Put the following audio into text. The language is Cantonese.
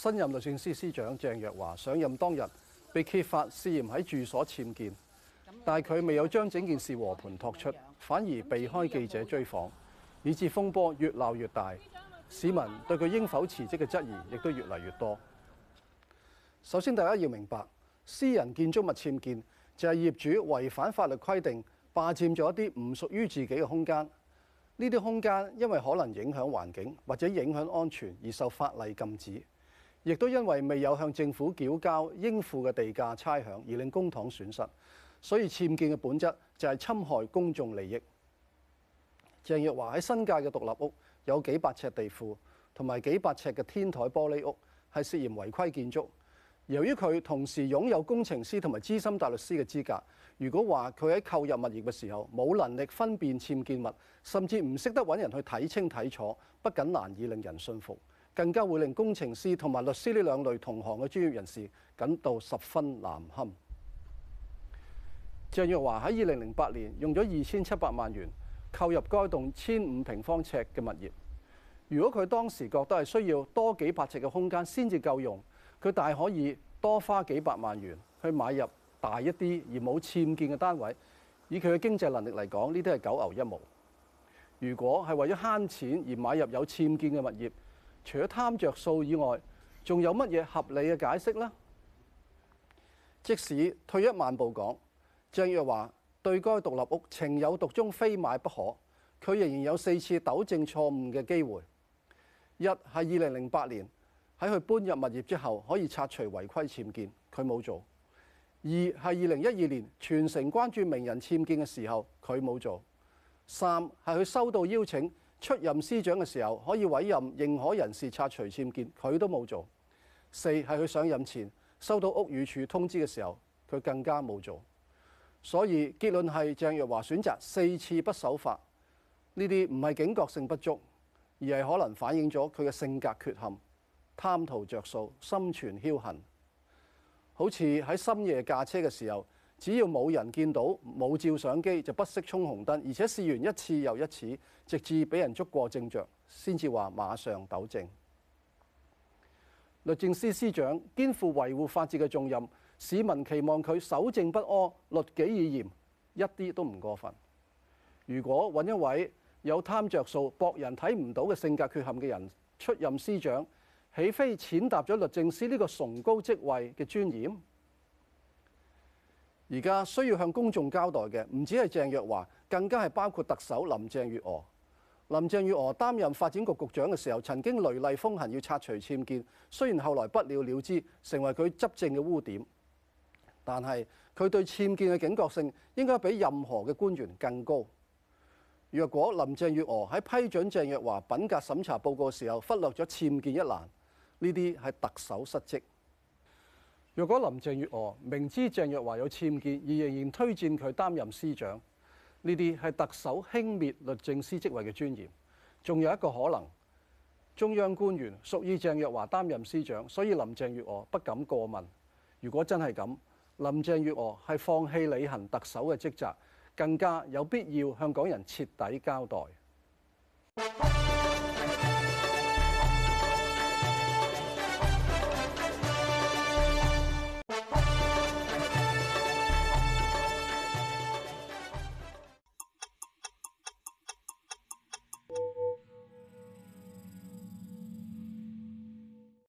新任律政司司長鄭若驊上任當日被揭發涉嫌喺住所僭建，但佢未有將整件事和盤托出，反而避開記者追訪，以致風波越鬧越大。市民對佢應否辭職嘅質疑亦都越嚟越多。首先，大家要明白，私人建築物僭建就係業主違反法律規定霸佔咗一啲唔屬於自己嘅空間。呢啲空間因為可能影響環境或者影響安全而受法例禁止。亦都因為未有向政府繳交應付嘅地價差餉，而令公帑損失。所以僭建嘅本質就係侵害公眾利益。鄭若驊喺新界嘅獨立屋有幾百尺地庫，同埋幾百尺嘅天台玻璃屋係涉嫌違規建築。由於佢同時擁有工程師同埋資深大律師嘅資格，如果話佢喺購入物業嘅時候冇能力分辨僭建物，甚至唔識得揾人去睇清睇楚，不僅難以令人信服。更加會令工程師同埋律師呢兩類同行嘅專業人士感到十分難堪。鄭若驊喺二零零八年用咗二千七百萬元購入該棟千五平方尺嘅物業。如果佢當時覺得係需要多幾百尺嘅空間先至夠用，佢大可以多花幾百萬元去買入大一啲而冇僭建嘅單位。以佢嘅經濟能力嚟講，呢啲係九牛一毛。如果係為咗慳錢而買入有僭建嘅物業，除咗貪着數以外，仲有乜嘢合理嘅解釋呢？即使退一萬步講，鄭若驊對該獨立屋情有獨鍾，非買不可，佢仍然有四次糾正錯誤嘅機會。一係二零零八年喺佢搬入物業之後，可以拆除違規僭建，佢冇做；二係二零一二年全城關注名人僭建嘅時候，佢冇做；三係佢收到邀請出任司長嘅時候，可以委任認可人士拆除僭建，佢都冇做。四係佢上任前收到屋宇署通知嘅時候，佢更加冇做。所以結論係鄭若驊選擇四次不守法，呢啲唔係警覺性不足，而係可能反映咗佢嘅性格缺陷、貪圖着數、心存僥倖。好似喺深夜駕車嘅時候，只要冇人見到，冇照相機就不惜衝紅燈，而且試完一次又一次，直至俾人捉過正着，先至話馬上糾正。律政司司長肩負維護法治嘅重任，市民期望佢守正不阿、律己以嚴，一啲都唔過分。如果揾一位有貪着數、博人睇唔到嘅性格缺陷嘅人出任司長，豈非踐踏咗律政司呢個崇高職位嘅尊嚴？而家需要向公眾交代嘅唔止係鄭若驊，更加係包括特首林鄭月娥。林鄭月娥擔任發展局局長嘅時候，曾經雷厲風行要拆除僭建，雖然後來不了了之，成為佢執政嘅污點。但係佢對僭建嘅警覺性應該比任何嘅官員更高。若果林鄭月娥喺批准鄭若驊品格審查報告嘅時候，忽略咗僭建一欄，呢啲係特首失職。若果林鄭月娥明知鄭若驊有僭建而仍然推薦佢擔任司長，呢啲係特首輕蔑律政司職位嘅尊嚴。仲有一個可能，中央官員屬於鄭若驊擔任司長，所以林鄭月娥不敢過問。如果真係咁，林鄭月娥係放棄履行特首嘅職責，更加有必要向港人徹底交代。